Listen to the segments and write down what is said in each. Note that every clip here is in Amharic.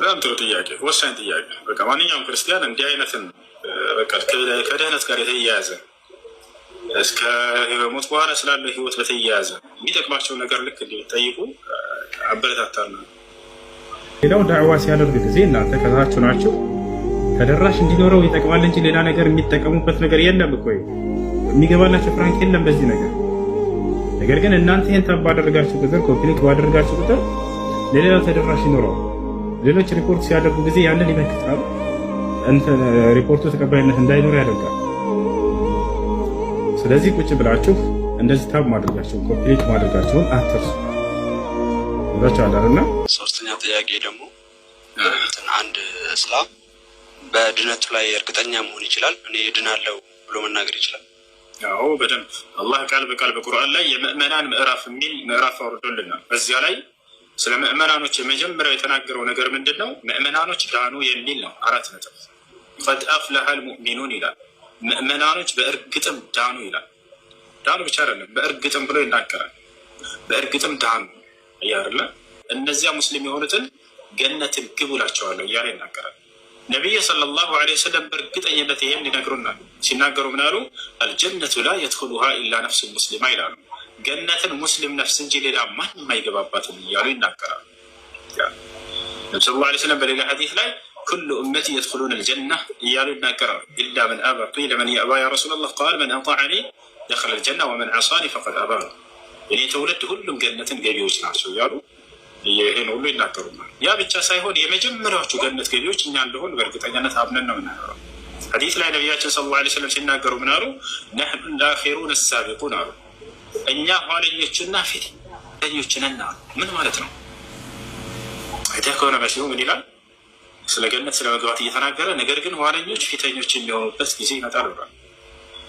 በጣም ጥሩ ጥያቄ፣ ወሳኝ ጥያቄ። በቃ ማንኛውም ክርስቲያን እንዲህ አይነትን በቃ ከድህነት ጋር የተያያዘ እስከ ሞት በኋላ ስላለው ህይወት በተያያዘ የሚጠቅማቸው ነገር ልክ እንዲጠይቁ አበረታታለሁ። ሌላው ዳዕዋ ሲያደርግ ጊዜ እናንተ ከታችሁ ናቸው ተደራሽ እንዲኖረው ይጠቅማል እንጂ ሌላ ነገር የሚጠቀሙበት ነገር የለም እኮ የሚገባላቸው ፍራንክ የለም በዚህ ነገር። ነገር ግን እናንተ ይህን ታብ ባደረጋችሁ ቁጥር ኮፒሊክ ባደረጋችሁ ቁጥር ለሌላው ተደራሽ ይኖረዋል። ሌሎች ሪፖርት ሲያደርጉ ጊዜ ያንን ይመክታሉ። እንትን ሪፖርቱ ተቀባይነት እንዳይኖር ያደርጋል። ስለዚህ ቁጭ ብላችሁ እንደዚህ ታብ ማድረጋችሁን ኮምፕሊት ማድረጋችሁን አትርሱ። ዛቻለርና ሶስተኛ ጥያቄ ደግሞ እንትን አንድ እስላም በድነቱ ላይ እርግጠኛ መሆን ይችላል። እኔ ድናለው ብሎ መናገር ይችላል። አዎ በደንብ አላህ ቃል በቃል በቁርአን ላይ የምዕመናን ምዕራፍ የሚል ምዕራፍ አውርዶልናል። በዚያ ላይ ስለ ምእመናኖች የመጀመሪያው የተናገረው ነገር ምንድን ነው? ምእመናኖች ዳኑ የሚል ነው። አራት ነጥብ ቀድ አፍለሃል ሙእሚኑን ይላል። ምእመናኖች በእርግጥም ዳኑ ይላል። ዳኑ ብቻ አይደለም፣ በእርግጥም ብሎ ይናገራል። በእርግጥም ዳኑ እያለ እነዚያ ሙስሊም የሆኑትን ገነትን ግቡ እላቸዋለሁ እያለ ይናገራል። ነቢይ ሰለላሁ ዐለይሂ ወሰለም በእርግጠኝነት ይሄን ሊነግሩናል። ሲናገሩ ምናሉ አልጀነቱ ላ የድኹሉሃ ኢላ ነፍሱ ሙስሊማ ይላሉ። ገነትን ሙስሊም ነፍስ እንጂ ሌላ ማንም አይገባባትም እያሉ ይናገራሉ። ነቢ ስ ላ ስለም በሌላ ሐዲስ ላይ ኩሉ እመቲ የድኩሉን ልጀና እያሉ ይናገራሉ። ኢላ ምን አባ ቂለ መን የአባ ያ ረሱላ ላ ቃል መን አጣዕኒ ደኸለ ልጀና ወመን ዓሳኒ ፈቀድ አባ ነው የኔ ትውልድ ሁሉም ገነትን ገቢዎች ናቸው እያሉ ይህን ሁሉ ይናገሩናል። ያ ብቻ ሳይሆን የመጀመሪያዎቹ ገነት ገቢዎች እኛ እንደሆን በእርግጠኛነት አምነን ነው የምናገረው። ሐዲስ ላይ ነቢያችን ስለ ላ ስለም ሲናገሩ ምን አሉ? ነሕኑ ላኪሩን ሳቢቁን አሉ እኛ ኋለኞችና ፊተኞችንና ምን ማለት ነው? አይተህ ከሆነ መሲሁ ምን ይላል? ስለ ገነት ስለ መግባት እየተናገረ ነገር ግን ኋለኞች ፊተኞች የሚሆኑበት ጊዜ ይመጣል ብሏል።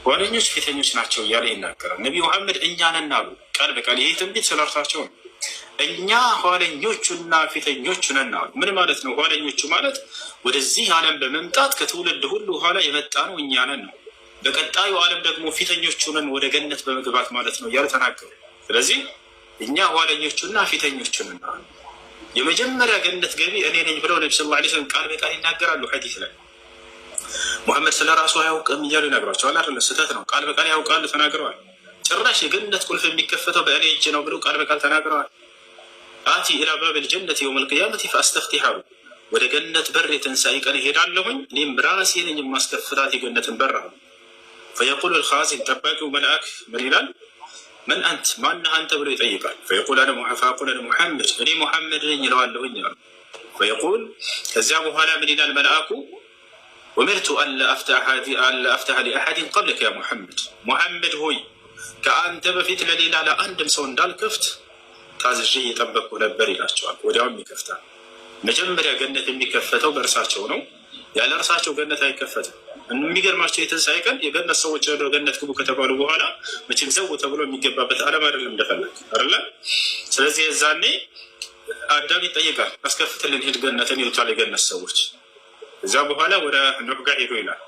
ኋለኞች ፊተኞች ናቸው እያለ ይናገራል። ነቢ መሐመድ እኛ ነን አሉ፣ ቃል በቃል ይህ ትንቢት ስለ እርሳቸው ነው። እኛ ኋለኞቹና ፊተኞቹ ነን አሉ። ምን ማለት ነው? ኋለኞቹ ማለት ወደዚህ ዓለም በመምጣት ከትውልድ ሁሉ ኋላ የመጣ ነው እኛ ነን ነው በቀጣዩ ዓለም ደግሞ ፊተኞች ሆነን ወደ ገነት በመግባት ማለት ነው እያሉ ተናገሩ። ስለዚህ እኛ ኋለኞቹና ፊተኞቹ የመጀመሪያ ገነት ገቢ እኔ ነኝ ብለው ነቢ ስ ላ ስለም ቃል በቃል ይናገራሉ። ሐዲስ ላይ ሙሐመድ ስለ ራሱ አያውቅም እያሉ ይነግሯቸዋል። አይደለም ስህተት ነው። ቃል በቃል ያውቃሉ፣ ተናግረዋል። ጭራሽ የገነት ቁልፍ የሚከፈተው በእኔ እጅ ነው ብለው ቃል በቃል ተናግረዋል። አቲ ኢላ ባብል ጀነት የውመል ቅያመቲ ፈአስተፍቲሃ ወደ ገነት በር የትንሣኤ ቀን እሄዳለሁኝ እኔም ራሴ ነኝ የማስከፍታት የገነትን በር አሉ ፈየቁል ልካዚን ጠባቂው መልአክ ምን ይላል? ምን አንት ማነህ አንተ ብሎ ይጠይቃል። ፈየቁል አነ ሙሐመድ እኔ ሙሐመድ ነኝ ይለዋለሁኝ ይላል። ፈየቁል ከዚያ በኋላ ምን ይላል መልአኩ? ወምርቱ አላ አፍታሐ ሊአሐድን ቀብለከ ያ ሙሐመድ፣ ሙሐመድ ሆይ ከአንተ በፊት ለሌላ ለአንድም ሰው እንዳልከፍት ታዝዤ እየጠበቅኩ ነበር ይላቸዋል። ወዲያውም ይከፍታል። መጀመሪያ ገነት የሚከፈተው በእርሳቸው ነው። ያለ እርሳቸው ገነት አይከፈትም። የሚገርማቸው የትንሣኤ ቀን የገነት ሰዎች ወደ ገነት ግቡ ከተባሉ በኋላ መቼም ዘው ተብሎ የሚገባበት ዓለም አይደለም እንደፈለግ አለ። ስለዚህ የዛኔ አዳም ይጠይቃል፣ አስከፍትልን ሂድ ገነትን ይሉታል የገነት ሰዎች። እዛ በኋላ ወደ ኖህ ጋር ሄዶ ይላል።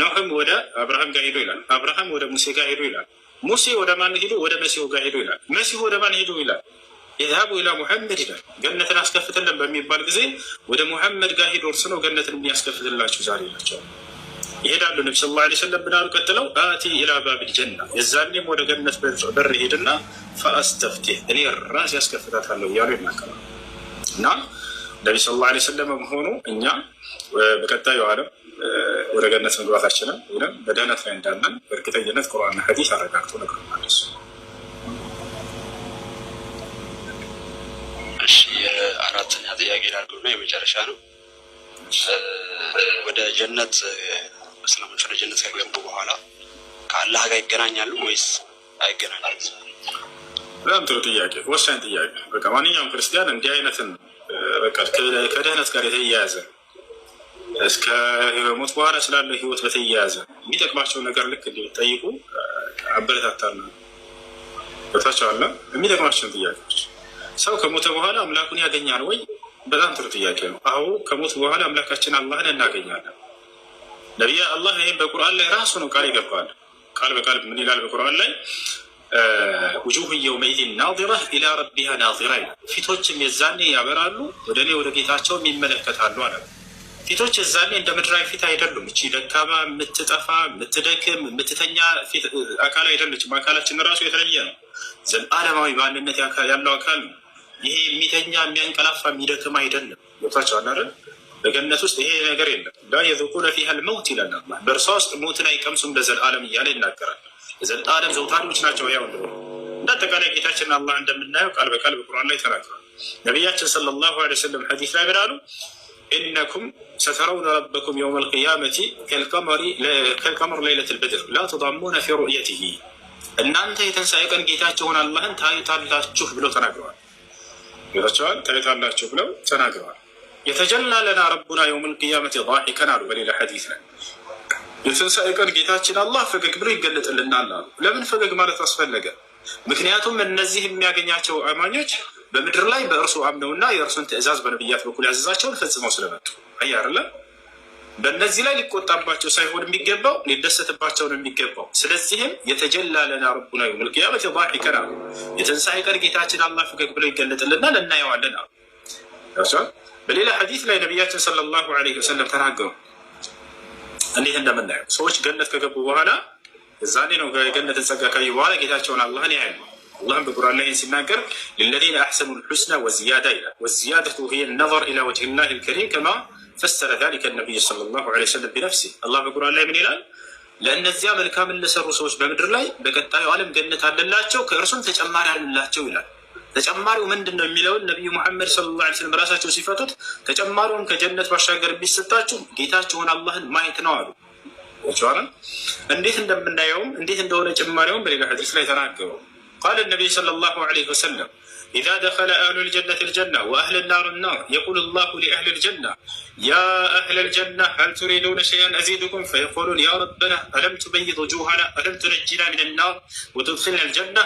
ኖህም ወደ አብርሃም ጋር ሄዶ ይላል። አብርሃም ወደ ሙሴ ጋር ሄዶ ይላል። ሙሴ ወደ ማን ሄዶ? ወደ መሲሁ ጋር ሄዶ ይላል። መሲሁ ወደ ማን ሄዶ ይላል? የዛቡ ኢላ ሙሐመድ ይላል። ገነትን አስከፍትልን በሚባል ጊዜ ወደ ሙሐመድ ጋር ሂዶ እርስ ነው ገነትን የሚያስከፍትላችሁ ዛሬ ናቸው ይሄዳሉ። ነቢ ስለ ላ ስለም ብናሉ ቀጥለው አቲ ኢላ ባብል ጀና የዛኔም ወደ ገነት በር ሄድና ፈአስተፍቲህ እኔ ራሴ ያስከፍታታለሁ እያሉ ይናገራሉ። እና ነቢ ስለ ላ ስለም መሆኑ እኛ በቀጣዩ ዓለም ወደ ገነት መግባታችንን ወይም በደህነት ላይ እንዳለን በእርግጠኝነት ቁርአንና ሐዲስ አረጋግጦ ነግሮናል። እሺ አራተኛ ጥያቄ ላድርገውና የመጨረሻ ነው። ወደ ጀነት እስላሞች ወደ ጀነት ከገቡ በኋላ ከአላህ ጋር ይገናኛሉ ወይስ አይገናኛሉ? በጣም ጥሩ ጥያቄ፣ ወሳኝ ጥያቄ። በቃ ማንኛውም ክርስቲያን እንዲህ አይነትን በቃ ከደህነት ጋር የተያያዘ እስከ ሞት በኋላ ስላለ ህይወት በተያያዘ የሚጠቅማቸው ነገር ልክ እንዲጠይቁ ብትጠይቁ አበረታታና በታቸው አለ የሚጠቅማቸውን ጥያቄዎች ሰው ከሞተ በኋላ አምላኩን ያገኛል ወይ? በጣም ጥሩ ጥያቄ ነው። አዎ ከሞት በኋላ አምላካችን አላህን እናገኛለን። ነቢያ አላህ ይህም በቁርአን ላይ ራሱ ነው ቃል ይገባል። ቃል በቃል ምን ይላል በቁርአን ላይ ውጁህ የውመኢዝን ናዚራ ኢላ ረቢሃ ናዚራ ፊቶችም የዛኔ ያበራሉ፣ ወደ እኔ ወደ ጌታቸውም ይመለከታሉ አለ። ፊቶች የዛኔ እንደ ምድራዊ ፊት አይደሉም። እቺ ደካማ የምትጠፋ የምትደክም የምትተኛ አካል አይደለችም። አካላችን ራሱ የተለየ ነው። አለማዊ ማንነት ያለው አካል ነው። ይሄ የሚተኛ የሚያንቀላፋ የሚደክም አይደለም። ቦታቸው አለ በገነት ውስጥ ይሄ ነገር የለም። ላ የዙቁነ ፊሃ ልመውት ይላል። በእርሷ ውስጥ ሞትን አይቀምሱም በዘላለም እያለ ይናገራል። የዘላለም ዘውታሪዎች ናቸው። ያው እንደሆነ እንደ አጠቃላይ ጌታችን አላህ እንደምናየው ቃል በቃል በቁርአን ላይ ተናግሯል። ነቢያችን ሰለላሁ ዐለይሂ ወሰለም ሐዲስ ላይ ምን አሉ? ኢነኩም ሰተረውነ ረበኩም የውም ልቅያመቲ ከልቀመር ሌይለት ልበድር ላ ተዳሙነ ፊ ሩእየትህ እናንተ የተንሳኤ ቀን ጌታችሁን አላህን ታዩታላችሁ ብሎ ተናግረዋል። ቤታቸዋል ታዩታላችሁ ብለው ተናግረዋል። የተጀላ ለና ረቡና የውመል ቅያመት ዳሒከን አሉ። በሌላ ሐዲስ ላይ የትንሣኤ ቀን ጌታችን አላህ ፈገግ ብሎ ይገለጥልናል አሉ። ለምን ፈገግ ማለት አስፈለገ? ምክንያቱም እነዚህ የሚያገኛቸው አማኞች በምድር ላይ በእርሱ አምነውና የእርሱን ትእዛዝ በነብያት በኩል ያዘዛቸውን ፈጽመው ስለመጡ አያ በእነዚህ ላይ ሊቆጣባቸው ሳይሆን የሚገባው ሊደሰትባቸው ነው የሚገባው። ስለዚህም የተጀላ ለና ረቡና የውመል ቂያመት ዳሒከን የትንሣኤ ቀን ጌታችን አላህ ፈገግ ብሎ ይገለጥልናል እናየዋለን አሉ። በሌላ ሐዲስ ላይ ነቢያችን ሰለላሁ ዐለይሂ ወሰለም ተናገሩ። እንዴት እንደምናየው ሰዎች ገነት ከገቡ በኋላ እዛኔ ነው የገነትን ጸጋ ካዩ በኋላ ጌታቸውን አላህን ያያሉ። አላህም በቁርአን ላይ ሲናገር ሊለዚነ አሕሰኑ ልሑስና ወዝያዳ ይላል። ወዝያደቱ ሂየ ነዘር ኢላ ወጅህ ላህ ልከሪም ከማ ፈሰረ ዛሊከ ነቢይ ሰለላሁ ዐለይሂ ወሰለም ቢነፍሲህ። አላህ በቁርአን ላይ ምን ይላል? ለእነዚያ መልካም ለሰሩ ሰዎች በምድር ላይ በቀጣዩ ዓለም ገነት አለላቸው ከእርሱም ተጨማሪ አለላቸው ይላል። ተጨማሪው ምንድን ነው የሚለውን ነቢዩ ሙሐመድ ሰለላሁ ዐለይሂ ወሰለም ራሳቸው ሲፈቱት ተጨማሪውን ከጀነት ባሻገር የሚሰጣችሁ ጌታችሁን አላህን ማየት ነው አሉ። ቸዋል እንዴት እንደምናየውም እንዴት እንደሆነ ጭማሪውን በሌላ ሐዲስ ላይ ተናገሩ። ቃለ ነቢይ ሰለላሁ ዐለይሂ ወሰለም إذا دخل أهل الجنة الجنة وأهل النار النار يقول الله لأهل الجنة يا أهل الجنة هل تريدون شيئا أزيدكم فيقولون يا ربنا ألم تبيض وجوهنا ألم تنجنا من النار وتدخلنا الجنة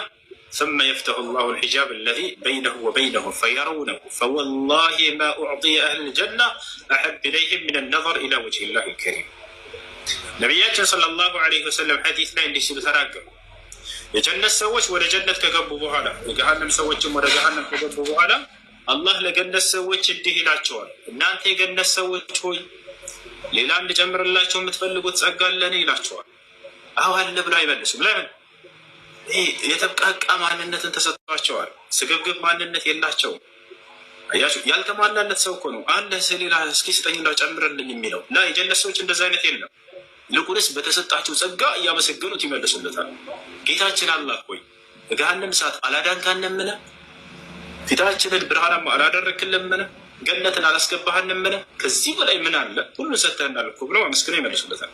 ثم يفتح الله الحجاب الذي بينه وبينهم فيرونه فوالله ما أعطي أهل الجنة أحب إليهم من النظر إلى وجه الله الكريم نبيات صلى الله عليه وسلم حديثنا اللي سيتناقل የጀነት ሰዎች ወደ ጀነት ከገቡ በኋላ የገሃነም ሰዎችም ወደ ገሃነም ከገቡ በኋላ አላህ ለገነት ሰዎች እንዲህ ይላቸዋል፣ እናንተ የገነት ሰዎች ሆይ ሌላ እንድጨምርላቸው የምትፈልጉት ጸጋ አለን ይላቸዋል። አዎ አለ ብሎ አይመልሱም። ለምን? የተብቃቃ ማንነትን ተሰጥቷቸዋል። ስግብግብ ማንነት የላቸውም። ያልተሟላለት ሰው እኮ ነው አንድ ስሌላ እስኪ ስጠኝ ጨምርልኝ የሚለው እና የጀነት ሰዎች እንደዚ አይነት የለም። ልቁንስ በተሰጣቸው ጸጋ እያመሰገኑት ይመልሱለታል። ጌታችን አላህ ሆይ ገሃነም እሳት አላዳንካነምነ? ፊታችንን ብርሃናማ አላደረክልምነ? ገነትን አላስገባህንምነ? ከዚህ በላይ ምን አለ? ሁሉ ሰጥተናል እኮ ብለው አመስግነው ይመልሱለታል።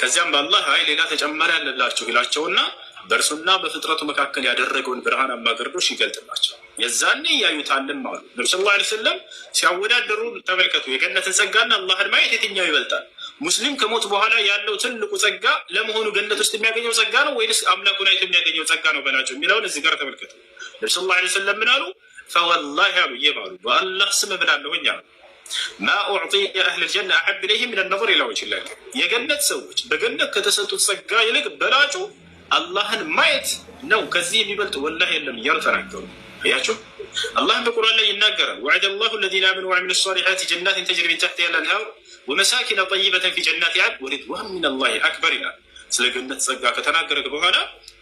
ከዚያም በአላህ አይ ሌላ ተጨማሪ ያለላቸው ይላቸውና በእርሱና በፍጥረቱ መካከል ያደረገውን ብርሃናማ ግርዶሽ ይገልጥላቸው። የዛኔ እያዩታልም አሉ ነብ ስ ላ ስለም ሲያወዳደሩ ተመልከቱ። የገነትን ጸጋና አላህን ማየት የትኛው ይበልጣል? ሙስሊም ከሞት በኋላ ያለው ትልቁ ጸጋ ለመሆኑ ገነት ውስጥ የሚያገኘው ጸጋ ነው ወይስ አምላኩን አይቶ የሚያገኘው ጸጋ ነው በላቸው የሚለውን እዚህ ጋር ተመልከቱ። ነብስ ላ ስለም ምን አሉ? ፈወላሂ አሉ ይባሉ በአላህ ስም ብላለሁኝ አሉ ማ ኡዕጢየ አህል ልጀና አሐብ ኢለይህ ምን ነظር ኢላ ወጅህ ላህ የገነት ሰዎች በገነት ከተሰጡት ጸጋ ይልቅ በላጩ አላህን ማየት ነው። ከዚህ የሚበልጥ ወላሂ የለም እያሉ ተናገሩ። አያችሁ አላህም በቁርአን ላይ ይናገራል። ወዐደ ላሁ ለዚነ አመኑ ወዐሚሉ ሷሊሓት ጀናትን ተጅሪ ሚን ተሕቲሃ አልአንሃር ወመሳኪነ ጠይበተን ፊ ጀናት ያድ ወሪድዋን ሚነላሂ አክበር ይላል። ስለ ገነት ጸጋ ከተናገረ በኋላ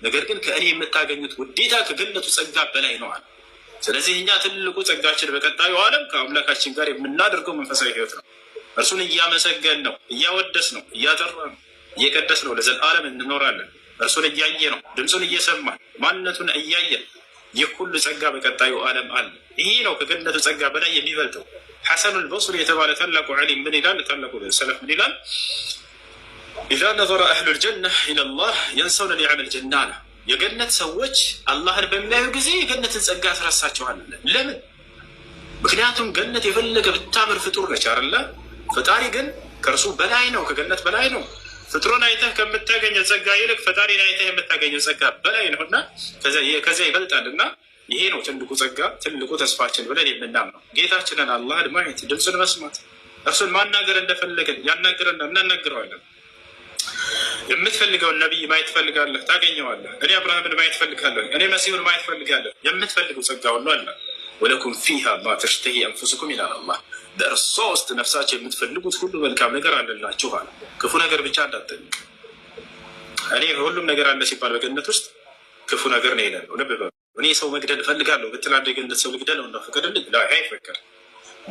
ነገር ግን ከእኔ የምታገኙት ውዴታ ከገነቱ ጸጋ በላይ ነዋል። ስለዚህ እኛ ትልቁ ጸጋችን በቀጣዩ ዓለም ከአምላካችን ጋር የምናደርገው መንፈሳዊ ህይወት ነው። እርሱን እያመሰገን ነው፣ እያወደስ ነው፣ እያጠራ ነው፣ እየቀደስ ነው። ለዘላለም እንኖራለን። እርሱን እያየ ነው፣ ድምፁን እየሰማን ማንነቱን እያየን ይህ ሁሉ ጸጋ በቀጣዩ ዓለም አለ። ይህ ነው ከገነቱ ጸጋ በላይ የሚበልጠው። ሐሰኑል በሱሪ የተባለ ታላቁ ዓሊም ምን ይላል? ታላቁ ሰለፍ ምን ይላል? ኢዛ ነዘረ አህሉል ጀና ኢለላህ የንሰውነ ኒዕመል ጀና ነ የገነት ሰዎች አላህን በሚያዩ ጊዜ የገነትን ጸጋ ያስረሳቸዋል። ለምን? ምክንያቱም ገነት የፈለገ ብታምር ፍጡር ነች አለ። ፈጣሪ ግን ከእርሱ በላይ ነው፣ ከገነት በላይ ነው። ፍጥሮን አይተህ ከምታገኘው ጸጋ ይልቅ ፈጣሪን አይተህ የምታገኘው ጸጋ በላይ ነው እና ከዚያ ይበልጣል እና ይሄ ነው ትልቁ ጸጋ፣ ትልቁ ተስፋችን ብለን የምናምነው ጌታችንን አላህን ማየት፣ ድምፁን መስማት፣ እርሱን ማናገር እንደፈለግን ያናግረና እናናግረዋለን። የምትፈልገውን ነቢይ ማየት ትፈልጋለህ፣ ታገኘዋለህ። እኔ አብርሃምን ማየት ፈልጋለሁ፣ እኔ መሲሁን ማየት ፈልጋለሁ። የምትፈልገው ጸጋ ሁሉ አለ። ወለኩም ፊሃ ማ ተሽተሂ አንፉስኩም ይላል አላህ በእርሶ ውስጥ ነፍሳቸው የምትፈልጉት ሁሉ መልካም ነገር አለላችሁ አለ። ክፉ ነገር ብቻ እንዳትጠይቅ። እኔ ሁሉም ነገር አለ ሲባል በገነት ውስጥ ክፉ ነገር ነው ይለለው ልብ እኔ ሰው መግደል እፈልጋለሁ ብትል አንድ የገነት ሰው ልግደለው ነው እንዳፈቀደልኝ ላ አይፈቀድ።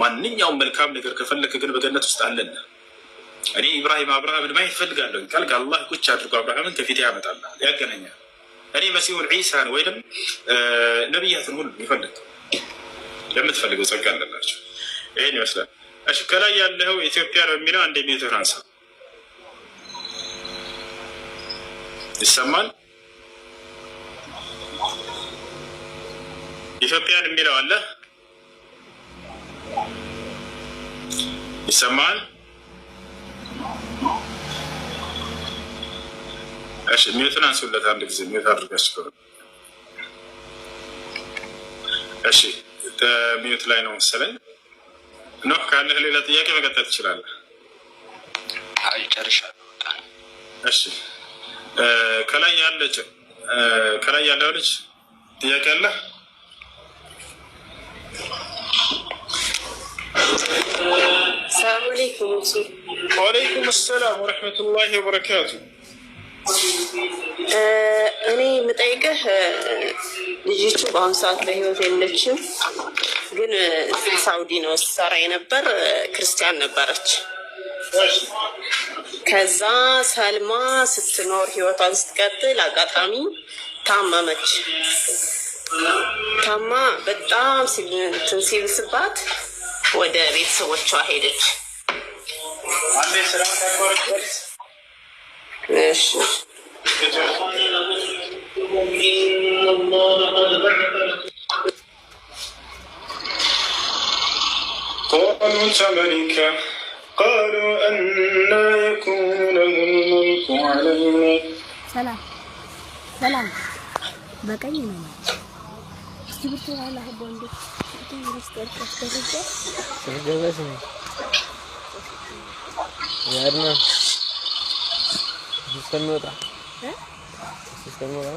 ማንኛውም መልካም ነገር ከፈለክ ግን በገነት ውስጥ አለን። እኔ ኢብራሂም አብርሃምን ማየት እፈልጋለሁ ቃል ከአላህ ቁጭ አድርጎ አብርሃምን ከፊት ያመጣል፣ ያገናኛል። እኔ መሲሁን ዒሳን ወይም ነቢያትን ሁሉ ይፈልግ ለምትፈልገው ጸጋ አለላቸው። ይህን ይመስላል። እሺ ከላይ ያለው ኢትዮጵያ ነው የሚለው አንድ ሚኒት ፍራንስ ይሰማል። ኢትዮጵያን የሚለው አለ ይሰማል። እሺ ሚኒቱን አንሱለት አንድ ጊዜ ሚኒት አድርጋችሁ። እሺ ሚኒት ላይ ነው መሰለኝ። ኖህ ካለህ ሌላ ጥያቄ መቀጠል ትችላለህ። አይ ጨርሻለሁ። እሺ ከላይ ያለች ከላይ ያለው ልጅ ጥያቄ አለ? ወአለይኩም ሰላም ወረሕመቱላሂ ወበረካቱ። እኔ የምጠይቀህ ልጅቱ በአሁኑ ሰዓት በህይወት የለችም ግን ሳውዲ ነው ሰራ የነበር ክርስቲያን ነበረች። ከዛ ሰልማ ስትኖር ህይወቷን ስትቀጥል አጋጣሚ ታመመች። ታማ በጣም እንትን ሲብስባት ወደ ቤተሰቦቿ ሄደች። እሺ قالوا ملكا قالوا أنا يكون له الملك علينا سلام سلام بكي من استبرت على هبوندي ያድና እስከሚወጣ እስከሚወጣ